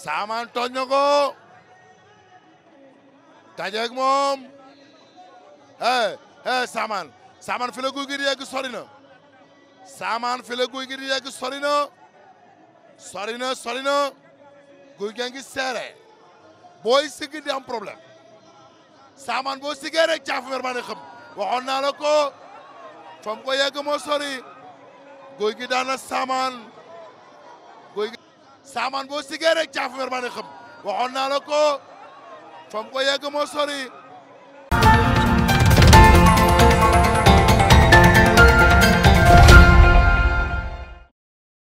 saamaan tooñ na moom hey hey saamaan saamaan fi guy gi di yegg sori na saamaan fi guy gi di yegg sori na sori na sori na guy gi ngi seere booy sigg di am problème saamaan boo siggee rek caafu mer maa ne xam waxoon naa la ko fam ko moo sori guy gi daan na saamaan boo sigee rek caaf mer ba ne xam waxoon naa la ko fam ko yegg moo sori